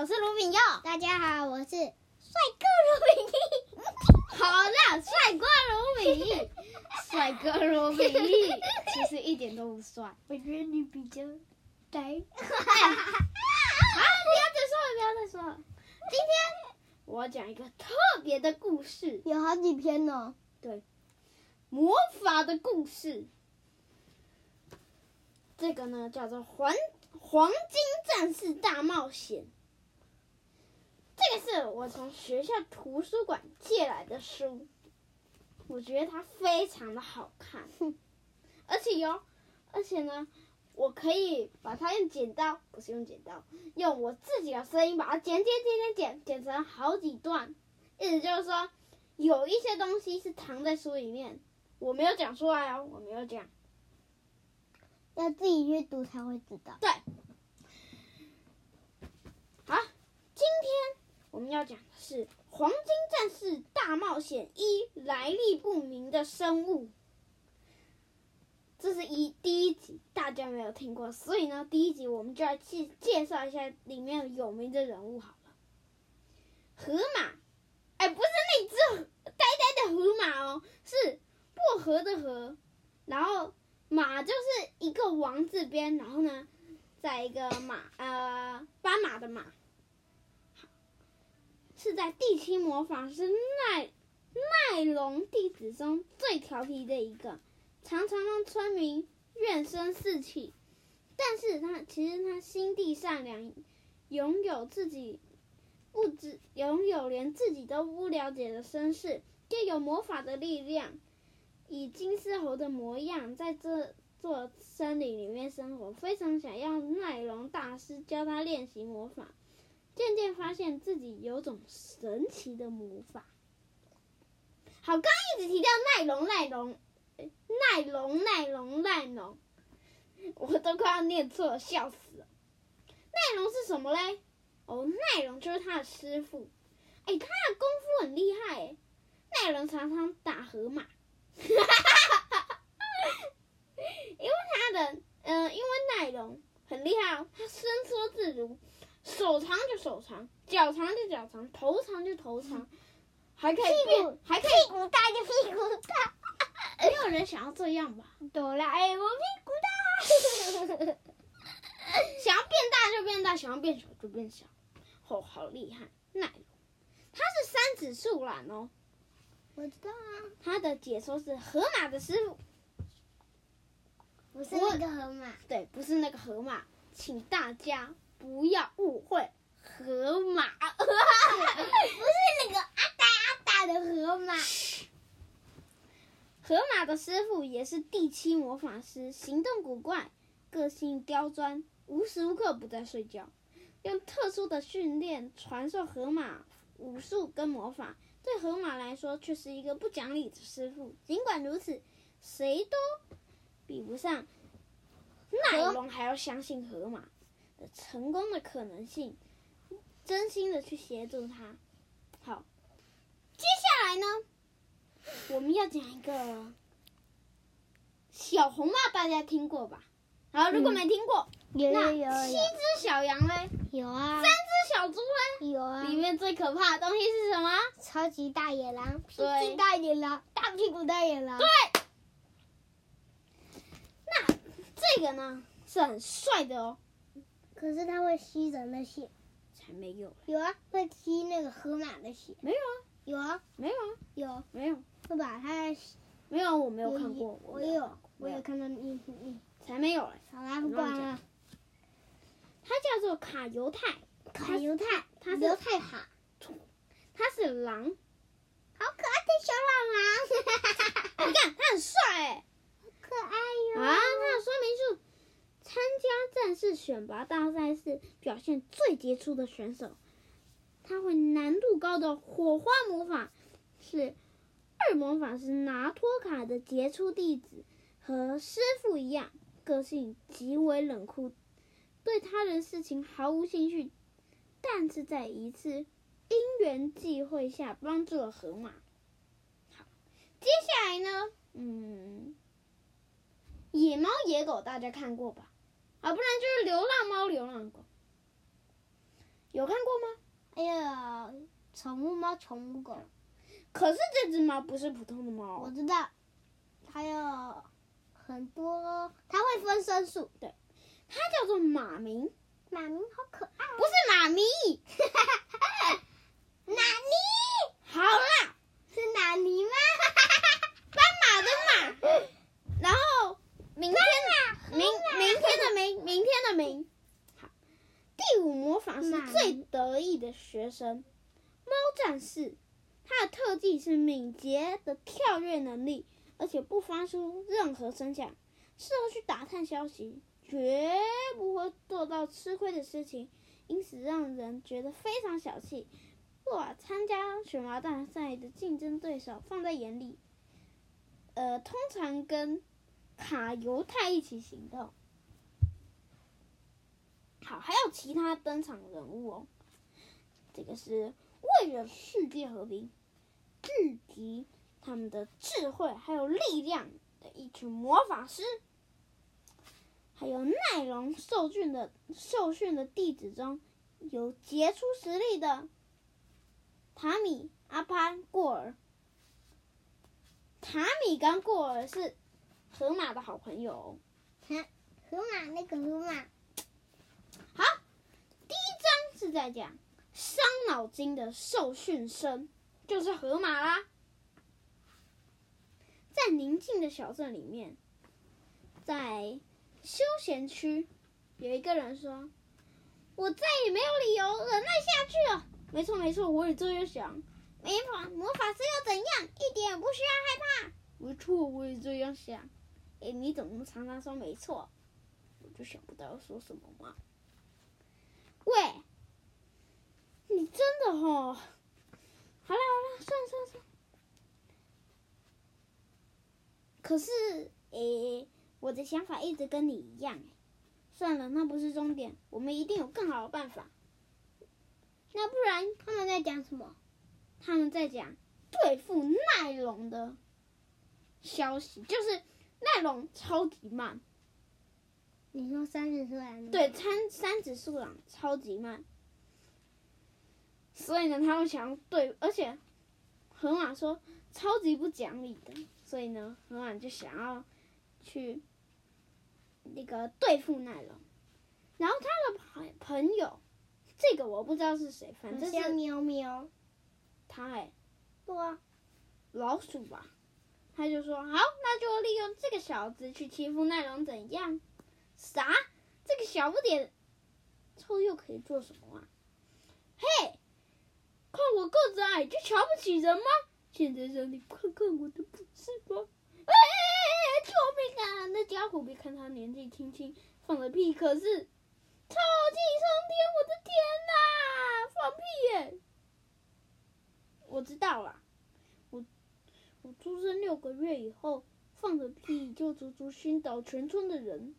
我是盧炳耀，大家好，我是帥哥盧炳義。好啦，帥 哥盧炳義，帥哥盧炳義，其實一點都不帥， 我覺得你比較呆。 啊！不要再說了，不要再說了。今天我要講一個特別的故事，有好幾篇呢、哦。對，魔法的故事，這個呢叫做黃《黃黃金戰士大冒險》。這個是我從學校圖書館借來的書，我覺得它非常的好看，呵呵，而且喲、哦，而且呢，我可以把它用剪刀，不是用剪刀，用我自己的聲音把它剪剪剪剪剪剪成好幾段，意思就是說，有一些東西是藏在書裡面，我沒有講出來哦，我沒有講，要自己閱讀才會知道。對。我們要講的是《黃金戰士大冒險》一來歷不明的生物，這是一第一集，大家沒有聽過，所以呢，第一集我們就要介介紹一下裡面有名的人物好了。河馬，哎，不是那隻呆呆的河馬哦，是薄荷的荷，然後馬就是一個王字邊，然後呢，再一個馬呃斑馬的馬。是在第七魔法師奈奈龍弟子中最調皮的一個，常常讓村民怨聲四起。但是他其實他心地善良，擁有自己不知擁有連自己都不了解的身世，又有魔法的力量，以金絲猴的模樣在這座森林裡面生活，非常想要奈龍大師教他練習魔法。漸漸發現自己有種神奇的魔法。好，剛一直提到奈龍，奈龍、欸，奈龍，奈龍，奈龍，我都快要念錯了，笑死了。奈龍是什麼嘞？哦，奈龍就是他的師傅。哎、欸，他的功夫很厲害、欸。奈龍常常打河馬， 因為他的，嗯、呃，因為奈龍很厲害，他伸縮自如。手長就手長，腳長就腳長，頭長就頭長，嗯、還可以屁股，還可以屁股大就屁股大， 沒有人想要這樣吧？哆啦 A 夢屁股大， 想要變大就變大，想要變小就變小，哦、oh，好厲害！奶，他是三指樹懶哦，我知道啊。他的解說是河馬的師傅，不是那個河馬。對，不是那個河馬，請大家，不要誤會，河馬 不是那個阿達阿達的河馬。河馬的師傅也是第七魔法師，行動古怪，個性刁鑽，無時無刻不在睡覺。用特殊的訓練傳授河馬武術跟魔法，對河馬來說卻是一個不講理的師傅。儘管如此，誰都比不上那龍喲還要相信河馬。成功的可能性，真心的去協助他。好，接下來呢，我們要講一個小紅帽，大家聽過吧？好，如果沒聽過，有有有。七只小羊嘞？有啊。三只小豬嘞？有啊。裡面最可怕的東西是什麼？超級大野狼，屁股大野狼，大屁股大野狼。對。那這個呢，是很帥的哦。可是它會吸人的血，才沒有。有啊，會吸那個河馬的血。沒有啊，有啊，沒有啊，有，沒有，是吧，它，沒有，我沒有看過，我有，我有看到一，才沒有了。好了，不管了。它叫做卡猶太，卡猶太，它是它是狼，好可愛的小老狼，你看它很帥，好可愛喲。啊，它的說明書。參加戰士選拔大賽是表現最傑出的選手，他會難度高的火花魔法，是二魔法師拿托卡的傑出弟子，和師傅一樣，個性極為冷酷，對他的事情毫無興趣，但是在一次因緣際會下幫助了河馬。好，接下來呢？嗯，野貓野狗大家看過吧？啊，不然就是流浪貓、流浪狗，有看過嗎？哎呀，寵物貓、寵物狗。可是這隻貓不是普通的貓，我知道。它有很多，它會分身術。對，它叫做馬明。馬明好可愛哦。不是媽咪。哈哈哈哈哈。哪尼辣？好啦，是哪尼嗎？哈哈哈哈哈。斑馬的馬。然後。明天的明，明天的明，明天的明，好，第五魔法是最得意的學生，啊、貓戰士，他的特技是敏捷的跳躍能力，而且不發出任何聲響，適合去打探消息，絕不會做到吃虧的事情，因此讓人覺得非常小氣，不把參加選拔大賽的競爭對手放在眼裡，呃，通常跟。卡猶太一起行動，好，還有其他登場人物哦。這個是為了世界和平，聚集他們的智慧還有力量的一群魔法師。還有耐龍受訓的受訓的弟子中有傑出實力的塔米、阿潘、過爾。塔米跟過爾是。河馬的好朋友，河河馬那個河馬，好，第一章是在講傷腦筋的受訓生，就是河馬啦。在寧靜的小鎮裡面，在休閒區，有一個人說：“我再也沒有理由忍耐下去了。”沒錯沒錯，我也這樣想。沒法魔法師又怎樣？一點也不需要害怕。沒錯，我也這樣想。哎，你怎麼常常說沒錯？我就想不到要說什麼嘛？喂，你真的哈？好啦好啦，算了算了算。可是，哎，我的想法一直跟你一樣。哎，算了，那不是終點，我們一定有更好的辦法。那不然他們在講什麼？他們在講對付奈龍的消息，就是。奈龍超級慢，你說三趾樹懶？對，三三趾樹懶超級慢，所以呢，他們想要對，而且河馬說超級不講理的，所以呢，河馬就想要去那個對付奈龍，然後他的朋朋友，這個我不知道是誰，反正是喵喵，他哎、欸，啊我，老鼠吧。他就說：“好，那就利用這個小子去欺負奈良，怎樣？啥？這個小不點，臭鼬可以做什麼啊？嘿，看我個子矮就瞧不起人嗎？現在讓你看看我的本事吧！哎，哎，哎，哎，救命啊！那傢伙，別看他年紀輕輕，放個屁可是臭氣沖天！我的天哪、啊，放屁耶！我知道了。”我出生六個月以後放的屁，就足足燻倒全村的人。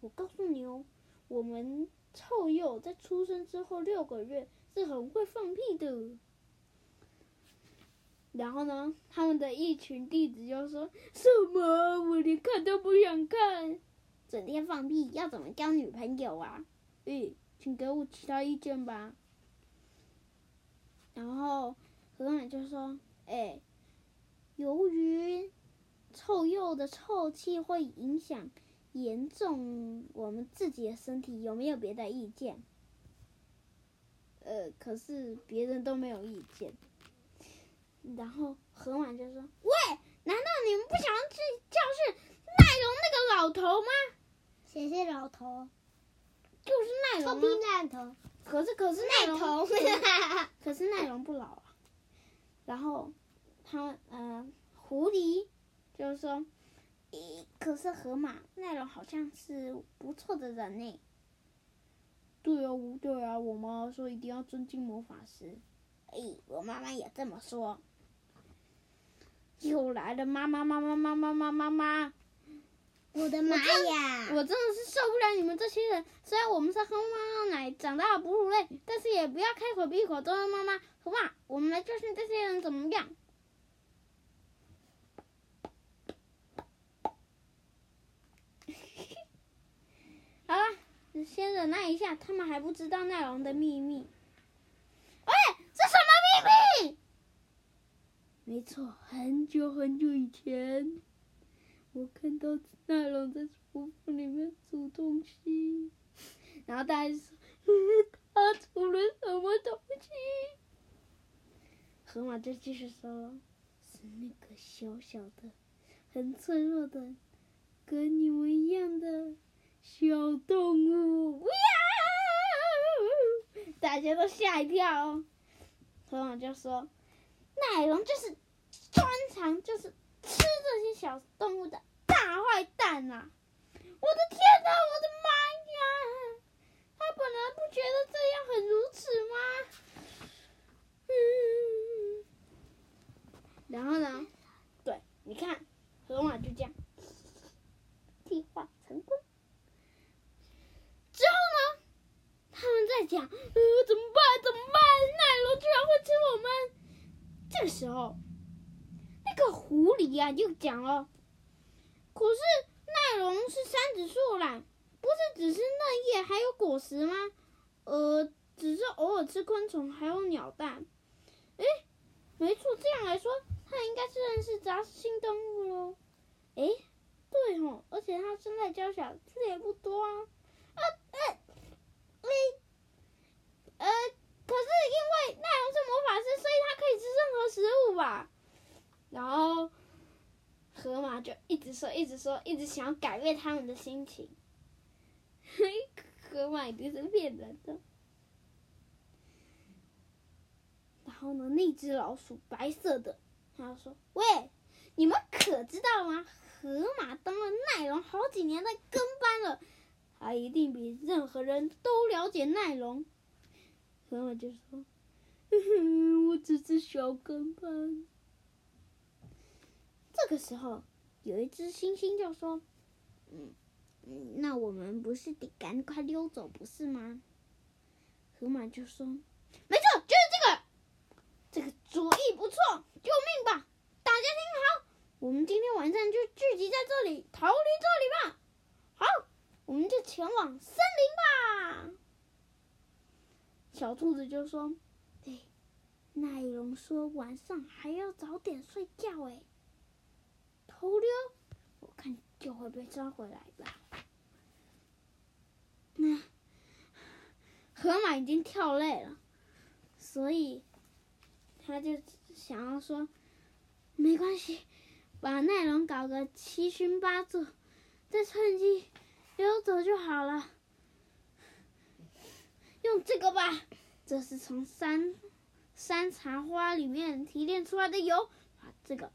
我告訴你哦，我們臭鼬在出生之後六個月是很會放屁的。然後呢，他們的一群弟子就說：“什麼？我連看都不想看，整天放屁，要怎麼交女朋友啊？”誒、欸，請給我其他意見吧。然後河馬就說：“哎、欸。”由於臭鼬的臭氣會影響嚴重我們自己的身體，有沒有別的意見？呃，可是別人都沒有意見。然後何晚就說：“喂，難道你們不想去教室奈容那個老頭嗎？”誰是老頭？就是奈容。臭屁老頭。可是可是奈容，可是奈容不老啊。然後。他嗯，狐狸就是說，咦，可是河馬那種好像是不錯的人呢。對啊，對啊，我媽媽說一定要尊敬魔法師。哎，我媽媽也這麼說。又來了，媽媽，媽媽，媽媽，媽媽，媽媽，我的媽呀！我真的是受不了你們這些人。雖然我們是喝媽媽奶，長大的哺乳類，但是也不要開口閉口都是媽媽、河馬，我們來教訓這些人怎麼樣？好了，你先忍耐一下，他們還不知道奈龍的秘密。哎，這什麼秘密？沒錯，很久很久以前，我看到奈龍在廚房裡面煮東西，然後大家就說，呵呵，他煮了什麼東西？河馬就繼續說，是那個小小的、很脆弱的，跟你們一樣的。小動物，哇！大家都嚇一跳。哦，何老師就說：“奶龍就是專長，就是吃這些小動物的大壞蛋啊！”我的天哪、啊，我的媽呀！他本來不覺得這樣很如此嗎？嗯。然後呢？對，你看，何老師就這樣替換。呀，就講、啊、了。可是奈龍是三指樹懶，不是只是嫩葉，還有果實嗎？呃，只是偶爾吃昆蟲，還有鳥蛋。誒、欸，沒錯，這樣來說，它應該是算是雜食性動物嘍。誒、欸，對吼、哦，而且它身材嬌小，吃的也不多啊。啊啊，你、欸，呃，可是因為奈龍是魔法師，所以它可以吃任何食物吧？然後。河馬就一直說，一直說，一直想要改變他們的心情呵呵。嘿，河馬一定是騙人的。然後呢，那只老鼠白色的，它說：“喂，你們可知道嗎？河馬當了奈龍好幾年的跟班了，它一定比任何人都了解奈龍。”河馬就說呵呵：“我只是小跟班。”這個時候，有一隻猩猩就說：“嗯，那我們不是得趕快溜走，不是嗎？”河馬就說：“沒錯，就是這個，這個主意不錯，救命吧！大家聽，聽好，我們今天晚上就聚集在這裡，逃離這裡吧。好，我們就前往森林吧。”小兔子就說：“那、欸、奈龍說：“晚上還要早點睡覺、欸。”哎。偷溜，我看就會被抓回來吧。那、嗯、河馬已經跳累了，所以他就想要說：“沒關係，把奈龍搞個七葷八素，再趁機溜走就好了。”用這個吧，這是從山山茶花裡面提煉出來的油，把這個。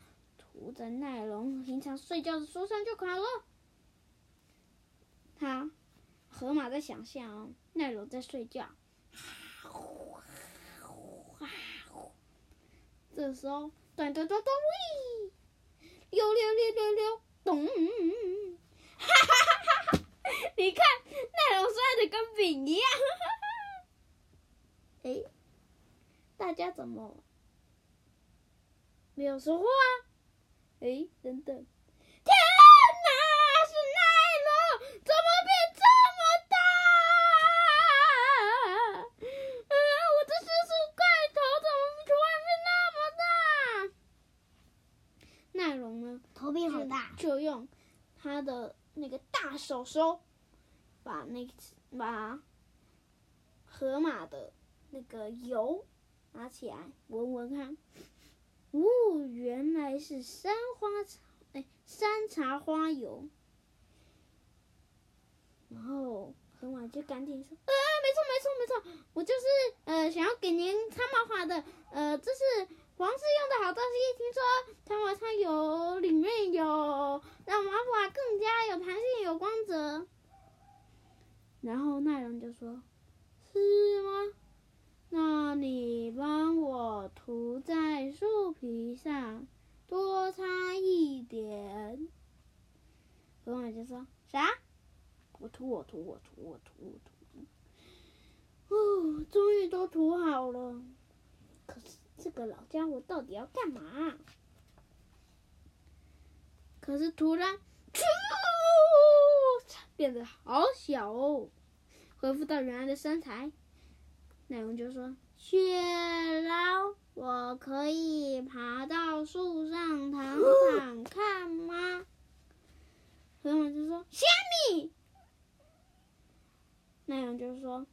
捂着奈龍，平常睡覺的樹上就垮了。他河馬在想象、哦，奈龍在睡覺。這時候，咚咚咚咚，喂！溜溜溜溜溜，咚！哈哈哈哈！你看奈龍摔的跟餅一樣。哎， 大家怎麼沒有說話？哎，等等！天哪，啊，是奈龍，怎麼變這麼大啊？啊！我的迅速塊頭怎麼突然變那麼大？奈龍呢？頭變很大。就用他的那個大手手，把那個、把河馬的那個油拿起來聞聞看。哦，原來是山花茶，哎，山茶花油。然後很晚就趕緊說：“呃、啊，沒錯，沒錯，沒錯，我就是呃，想要給您擦毛髮的。呃，這是皇室用的好東西，聽說擦毛擦油裡面有讓毛髮更加有彈性、有光澤。”然後那人就說：“是嗎？那你幫我塗在樹。”說啥？我塗，我塗，我塗，我塗，我塗。哦，終於都塗好了。可是這個老家伙到底要幹嘛？可是突然，突，變得好小哦，恢復到原來的身材。奶龍就說：“雪狼，我可以爬到樹上躺躺看、哦、看嗎？”朋友們就說：“蝦米，那樣就說，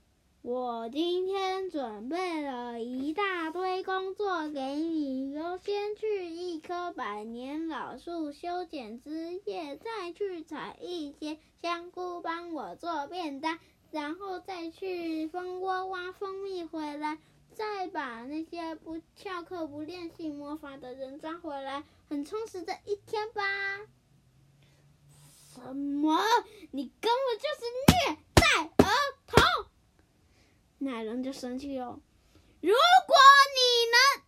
我今天準備了一大堆工作給你，優先去一棵百年老樹修剪枝葉，再去採一些香菇幫我做便當，然後再去蜂窩挖蜂蜜回來，再把那些不翹課不練習魔法的人抓回來，很充實的一天吧。”什麼？你根本就是虐待兒童！奶龍就生氣喲、哦。如果你能，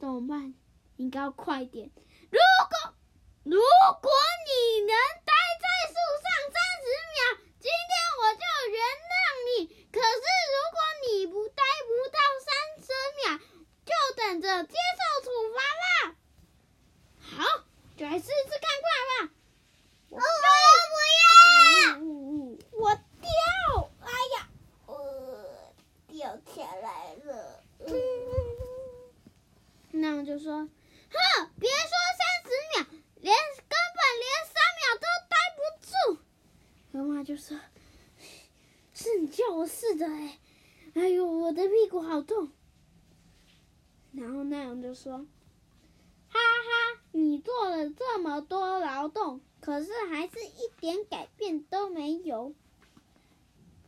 怎麼辦？應該要快點。如果如果你能待在樹上三十秒，今天我就原諒你。可是如果你不待不到三十秒，就等着接受處罰吧。好，就來試試看，快吧。我，哦、我不要，嗯嗯嗯嗯、我掉，哎呀，我、呃、掉下來了。嗯、那我就說，哼，別說三十秒，連根本連三秒都待不住。河馬就說：“是你叫我試的。”哎，哎呦，我的屁股好痛。然後那人就說：“哈哈，你做了這麼多勞動。”可是還是一點改變都沒有。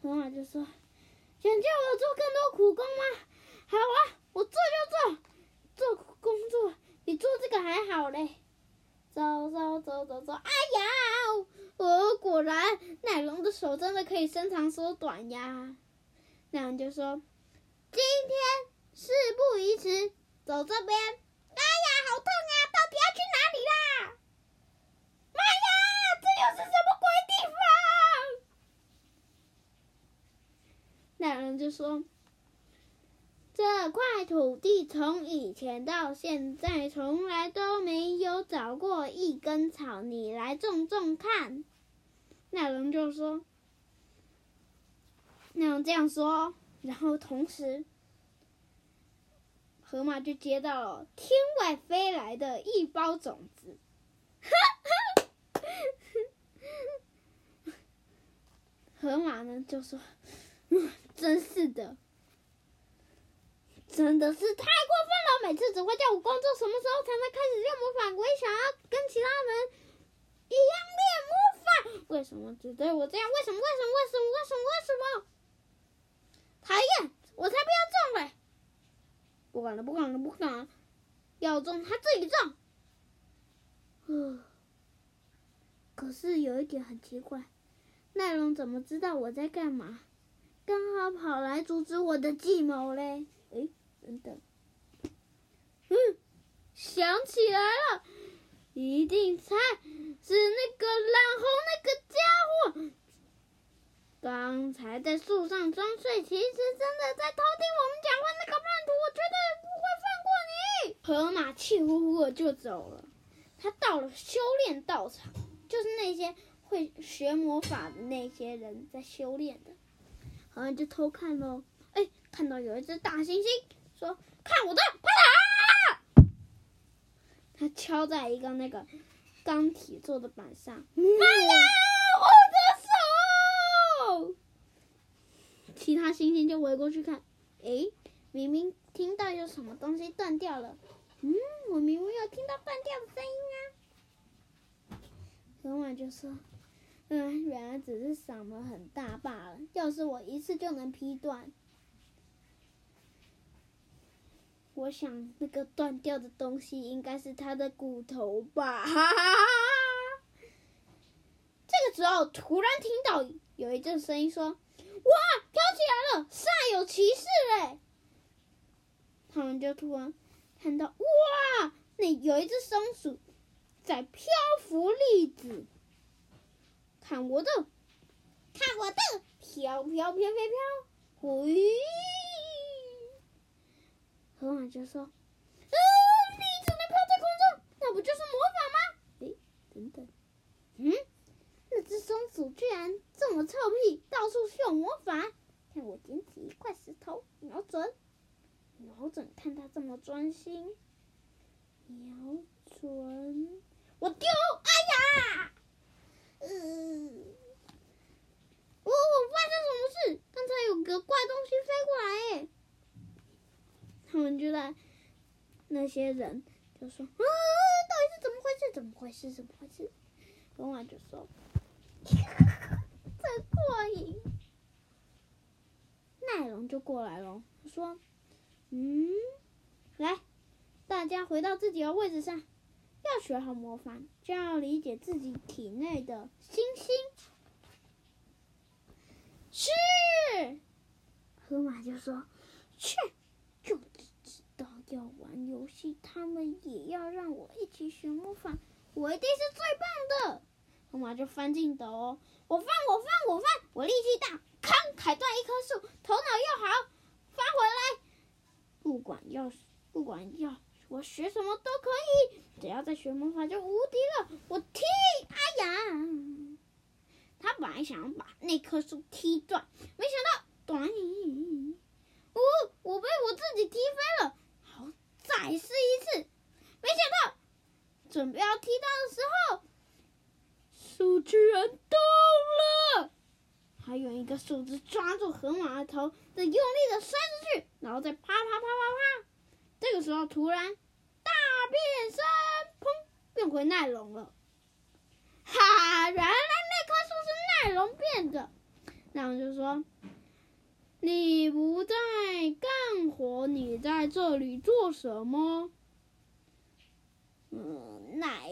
龍、啊、王就說：“想叫我做更多苦工嗎？好啊，我做就做。做苦工作比做這個還好嘞。走走走走走！哎呀，我、哦、果然奶龍的手真的可以伸長縮短呀。奶龍就說：今天事不宜遲，走這邊。哎呀，好痛啊！到底要去哪裡啦？”媽呀，這又是什麼鬼地方啊？那人就說：“這塊土地從以前到現在，從來都沒有長過一根草，你來種種看。”那人就說：“那人這樣說，然後同時，河馬就接到了天外飛來的一包種子。” 河 馬呢？就說：“真是的，真的是太過分了！每次只會叫我工作，什麼時候才能開始練魔法？我也想要跟其他人一樣練魔法，為什麼只對我這樣？為什麼？為什麼？為什麼？為什麼？為什麼？討厭！我才不要撞嘞！不管了，不管了，不管了！要撞他自己撞。可是有一點很奇怪，奈龍怎麼知道我在幹嘛？剛好跑來阻止我的計謀嘞！哎，等等，嗯，想起來了，一定猜是那個染紅那個家伙，剛才在樹上裝睡，其實真的在偷聽我們講話。那個叛徒，我絕對不會放過你！河馬氣呼呼的就走了，他到了修煉道場。就是那些會學魔法的那些人在修煉的，然後就偷看嘍。哎，看到有一隻大猩猩說：“看我的，快跑！”他敲在一個那個鋼鐵做的板上，媽呀，嗯，哎，我的手。其他猩猩就圍過去看，哎，明明聽到有什麼東西斷掉了。嗯，我明明有聽到斷掉的聲音啊。就說：“嗯，原來只是嗓門很大罷了。要是我一次就能劈斷，我想那個斷掉的東西應該是他的骨頭吧。哈哈哈哈。”這個時候，突然聽到有一陣聲音說：“哇，飄起來了，煞有其事嘞！”他們就突然看到：“哇，那有一隻松鼠在漂浮栗子。”看我的，看我的，飄飄飄飛飄，嘿！河馬就說：“嗯、呃，你只能飄在空中，那不就是魔法嗎？”哎、欸，等等，嗯，那隻松鼠居然這麼臭屁，到處秀魔法。看我撿起一塊石頭，瞄準，瞄準，看他這麼專心，瞄準，我丟，哎呀！嗯、呃，哦，我我發生什麼事？剛才有個怪東西飛過來，他們就在那些人就說，啊，到底是怎麼回事？怎麼回事？怎麼回事？龍王就說， 真過癮癮。奈龍就過來了，說，嗯，來，大家回到自己的位置上，要學好魔法。就要理解自己體內的星星。是，河馬就說：“去，就知道要玩遊戲，他們也要讓我一起學魔法，我一定是最棒的。”河馬就翻筋斗，我翻我翻我翻，我力氣大，砍砍斷一棵樹，頭腦又好，翻回來。不管要，不管要，我學什麼都可以。只要再學魔法就無敵了！我踢，哎呀，他本來想要把那棵樹踢斷，沒想到短音音，我、哦、我被我自己踢飛了。好，再試一次，沒想到準備要踢到的時候，樹居然動了，還有一個樹枝抓住河馬的頭，再用力地摔出去，然後再啪啪啪啪啪。這個時候突然。變身，砰，變回奈龍了。哈，哈，原來那棵樹是奈龍變的。奈龍就說：“你不在幹活，你在這裡做什麼？”奈、嗯。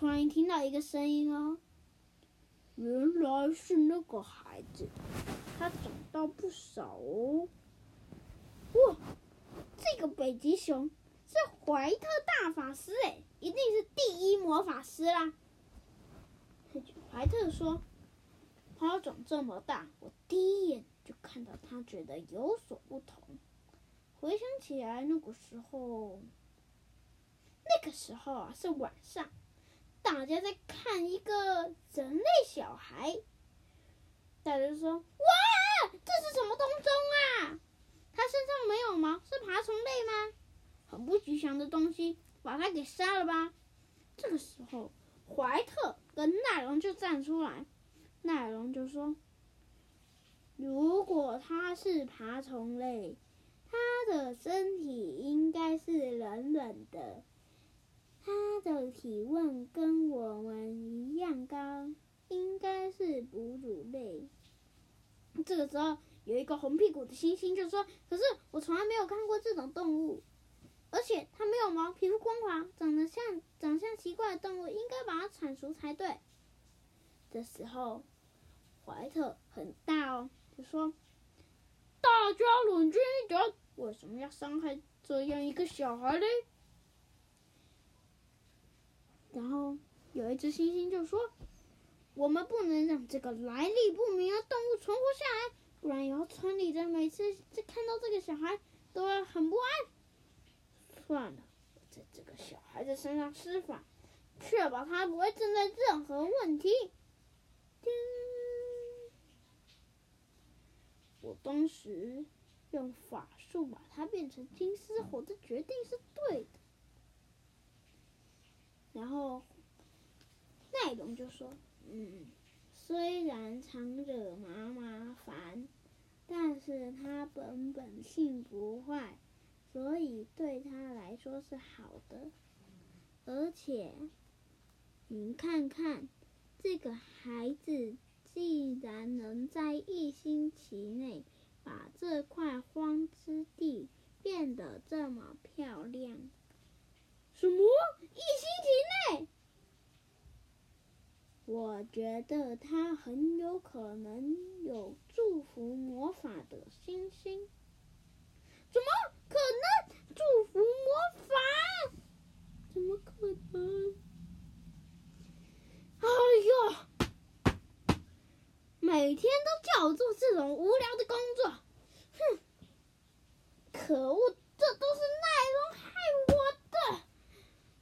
突然聽到一個聲音哦，原來是那個孩子，他長到不少長大不少哦。哇，這個北極熊是懷特大法師哎，一定是第一魔法師啦。 懷特說：“他長這麼大，我第一眼就看到他，覺得有所不同。回想起來，那個時候，那個時候啊是晚上。”大家在看一個人類小孩。大家就說：“哇，這是什麼東東啊？他身上沒有毛，是爬蟲類嗎？很不吉祥的東西，把它給殺了吧。”這個時候，懷特跟奈龍就站出來。奈龍就說：“如果他是爬蟲類，他的身體應該是軟軟的。”他的體溫跟我們一樣高，應該是哺乳類。這個時候，有一個紅屁股的猩猩就說：“可是我從來沒有看過這種動物，而且它沒有毛，皮膚光滑，長得像長相奇怪的動物，應該把它鏟除才對。”這時候，懷特很大哦，就說：“大家冷靜一點，為什麼要傷害這樣一個小孩呢？”然後有一隻猩猩就說：“我們不能讓這個來歷不明的動物存活下來，不然以後村裡的每次再看到這個小孩都會很不安。”算了，我在這個小孩子身上施法，確保他不會存在任何問題。叮！我當時用法術把他變成金絲猴的決定是對的。然後，賴龍就說：“嗯，雖然常惹媽媽煩，但是他本本性不壞，所以對他來說是好的。而且，你看看這個孩子，竟然能在一星期內把這塊荒之地變得這麼漂亮。”什麼？一星期內？我覺得他很有可能有祝福魔法的星星。怎麼可能？祝福魔法？怎麼可能？哎呦！每天都叫我做這種無聊的工作，哼！可惡，這都是奈龍害我。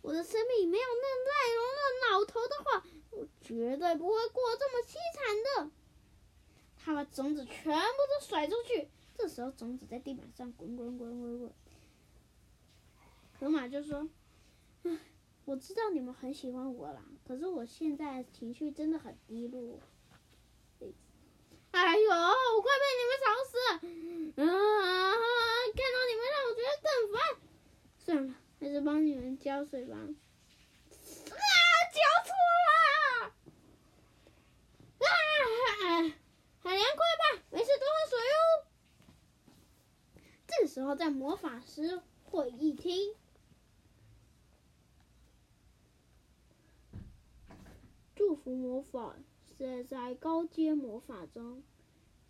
我的生命沒有那奈容的老頭的話，我絕對不會過這麼淒慘的。他把種子全部都甩出去，這時候種子在地板上滾滾滾滾滾。河馬就說：“我知道你們很喜歡我啦，可是我現在情緒真的很低落。”哎呦，我快被你們吵死了！啊，看到你們讓我覺得更煩。幫你們澆水吧！啊，澆錯了！啊哈，很涼快吧，沒事，多喝水哦。這時候在魔法師會議廳，祝福魔法是在高階魔法中，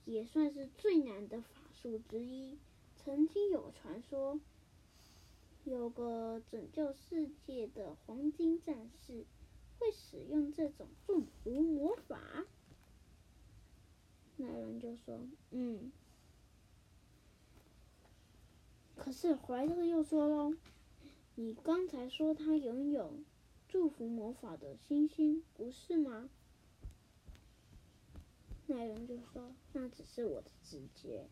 也算是最難的法術之一。曾經有傳說。有個拯救世界的黃金戰士會使用這種祝福魔法，奈人就說：“嗯。”可是懷特又說了：“你剛才說他擁有祝福魔法的星星，不是嗎？”奈人就說：“那只是我的直覺。”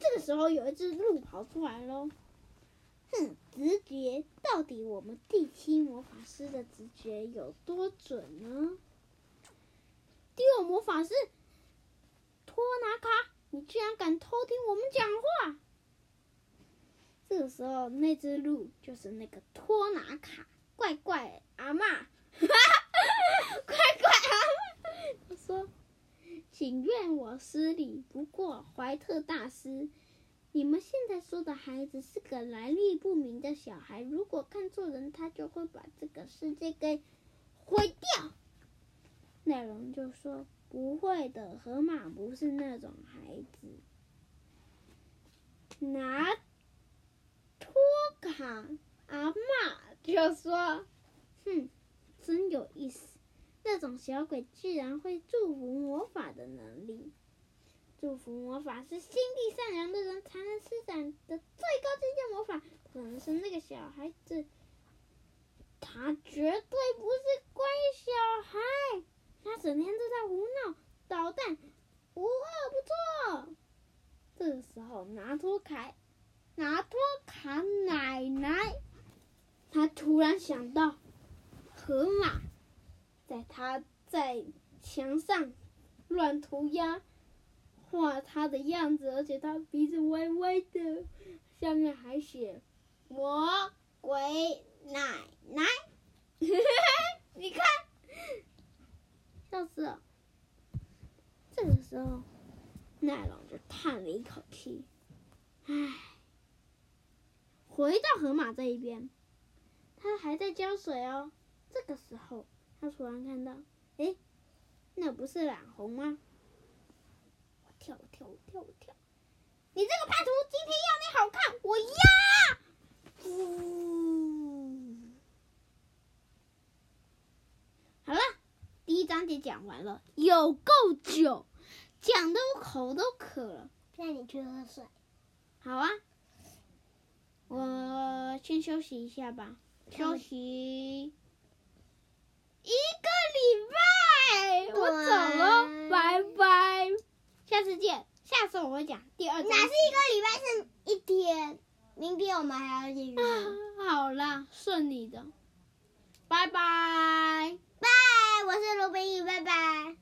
這個時候，有一隻鹿跑出來了。哼，直覺到底我們第七魔法師的直覺有多準呢？第二魔法師托拿卡，你居然敢偷聽我們講話！這個時候，那只鹿就是那個托拿卡，怪怪阿嬤哈哈，怪怪阿嬤他說，請原諒我失禮，不過懷特大師。你們現在說的孩子是個來歷不明的小孩，如果看錯人，他就會把這個世界給毀掉。奈隆就說：“不會的，河馬不是那種孩子。”拿托卡阿媽就說：“哼，真有意思，那種小鬼居然會祝福魔法的能力。”祝福魔法是心地善良的人才能施展的最高境界魔法。可能是那個小孩子，他絕對不是乖小孩，他整天都在胡鬧搗蛋，無惡不作。這個時候，拿托卡，拿托卡奶奶，他突然想到，河馬，在他在牆上亂塗鴉。畫他的樣子，而且他鼻子歪歪的，下面還寫“魔鬼奶奶”奶。 你看，笑死了。這個時候，奶龍就嘆了一口氣：“唉。”回到河馬這一邊，他還在澆水哦。這個時候，他突然看到：“哎、欸，那不是染紅嗎？”跳跳跳跳！你這個叛徒，今天要你好看！我要、嗯！好了，第一章節講完了，有夠久，講的我口都渴了。帶你去喝水。好啊，我先休息一下吧。休息樣一個禮拜。對我走了，拜拜。下次見，下次我會講第二。哪是一個禮拜是一天？明天我們還要見語。 好啦，順利的，拜拜，拜，我是盧冰雨，拜拜。